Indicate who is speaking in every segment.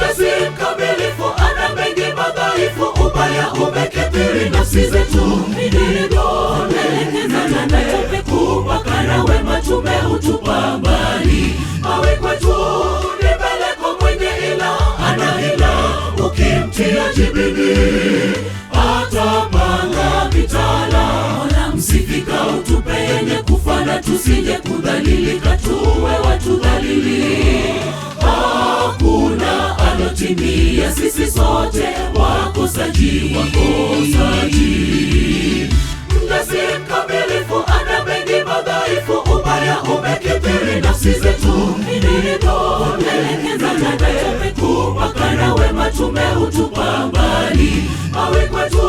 Speaker 1: Nafsi mkamilifu ana mengi madhaifu, ubaya umekithiri nafsi zetu. Umakana wema tumeutupa mbali, awe kwetu ni peleko, mwenye ila ana hila, ukimtia jibini atapanga vitala. Msifika utupe yenye kufana, tusije kudhalilika, tuwe watu dhalili kutimia sisi sote wakosaji, wakosaji. mkamilifu, ana mengi madhaifu, ubaya umekithiri nafsi zetu, tunaelekezana kupaka na wema tumeutupa mbali, mawe kwetu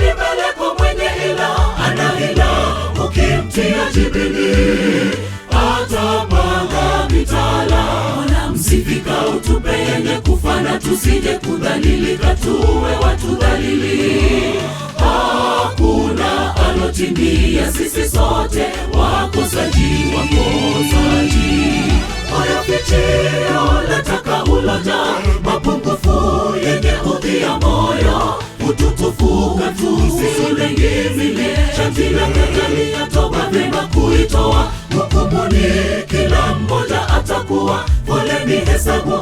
Speaker 1: ni meleko, mwenye ila ana ila ukimtia jibini tusije kufa na tusije kudhalilika, tuwe watu dhalili. Hakuna alotimia, sisi sote wakosaji, wakosaji. Oya fiche, ola taka uloja, mapungufu yenye udhia moyo kututufuka tusilenge mile
Speaker 2: sharti la katalia
Speaker 1: toba vyema kuitoa hukumuni, kila mmoja atakuwa pole ni hesabu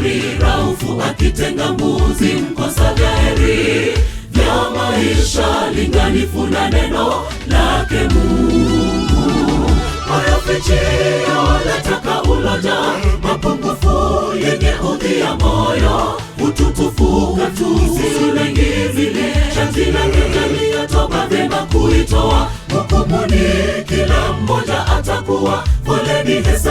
Speaker 1: Daktari Raufu akitenga mbuzi mkosa dhahiri vya maisha linganifu na neno lake Mungu fichio lataka uloja mapungufu yenye udhi ya moyo utukufu katusilengivile sharti la kijamii toba vema kuitoa hukumuni kila mmoja atakuwa foleni hesa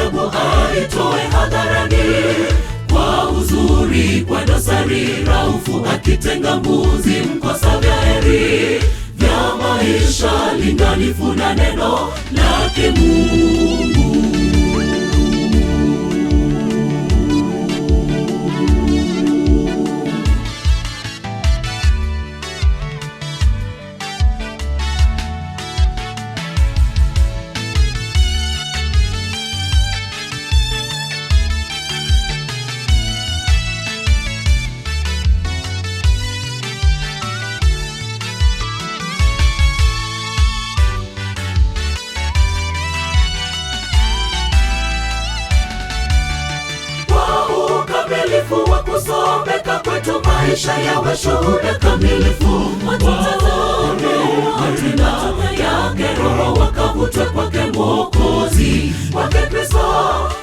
Speaker 1: kitenga mbuzi mkosa vya heri vya maisha, linganifu na neno lake Mungu. maisha ya washuhuda kamilifu, matenda yake, roho wakavutwe kwake Mwokozi, kwake Kristo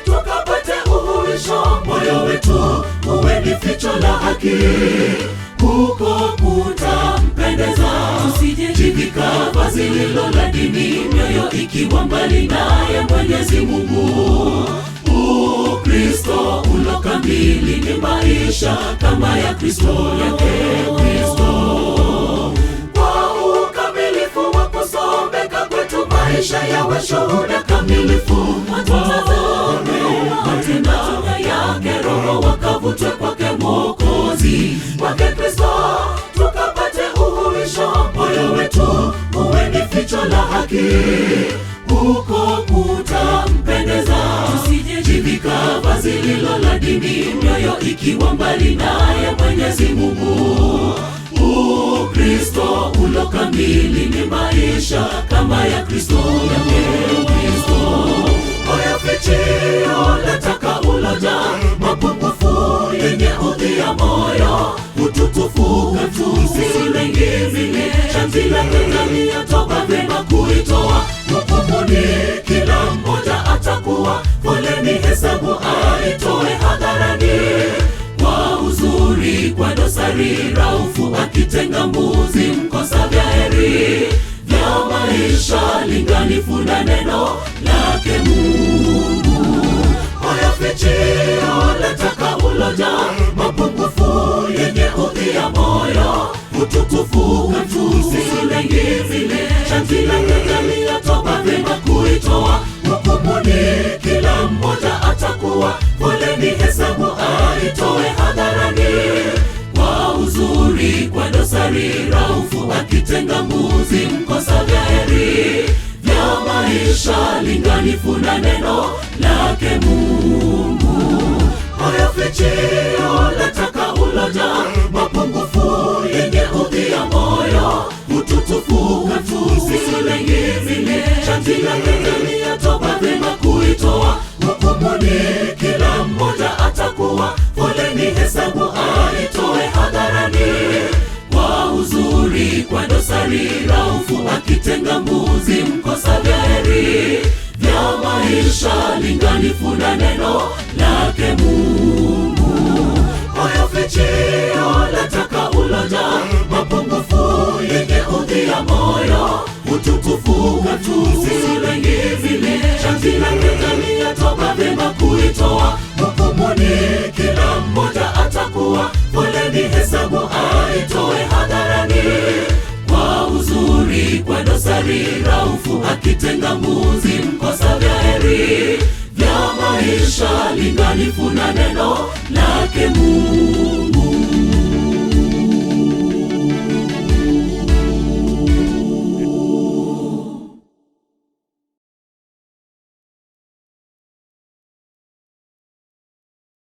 Speaker 1: tukapate uhuisho, moyo wetu uwe ni ficho la haki, huko kutampendeza. Tusijejivika vazi lilo la dini, mioyo ikiwa mbali naye Mwenyezi Mungu. Kristo ulo kamili ni maisha kama ya Kristo yake Kristo. Kwa ukamilifu wa kusombeka kwetu maisha yawe shuhuda kamilifu, matendo yake, roho wakavutwe kwake Mwokozi wake Kristo, tukapate uhuisho, moyo wetu uwe ni ficho la haki vazi lilo la dini, mioyo ikiwa mbali naye Mwenyezi Mungu. Ukristo ulo kamili ni maisha kama ya Kristo, ya Kristo oyafichio nataka uloja mapungufu yenye udhi ya moyo ututufu katu sisi mengi vile chanzi la ya toba vingi vya maisha, linganifu na neno lake Mungu, hayafichio la uloja mapungufu yenye udhi ya moyo, utukufu katu, usilengi zile shanzi Mlitenga mbuzi mkosa vya heri vya maisha linganifu na neno lake Mungu, oyofichio lataka uloja mapungufu yenye udhi ya moyo ututufu katu sisi lengizile ya toba vema utakatifu na neno lake Mungu. Oyofichio lataka uloja, mapungufu yengeudhia moyo, utukufu wetu sisi wengi vile, sharti la Bethania toba vyema kuitoa, hukumuni kila mmoja atakuwa, poleni hesabu aitoe hadharani kwa uzuri, kwa dosari, raufu akitenga mbuzi mkosa vya heri maisha linganifu na neno lake Mungu.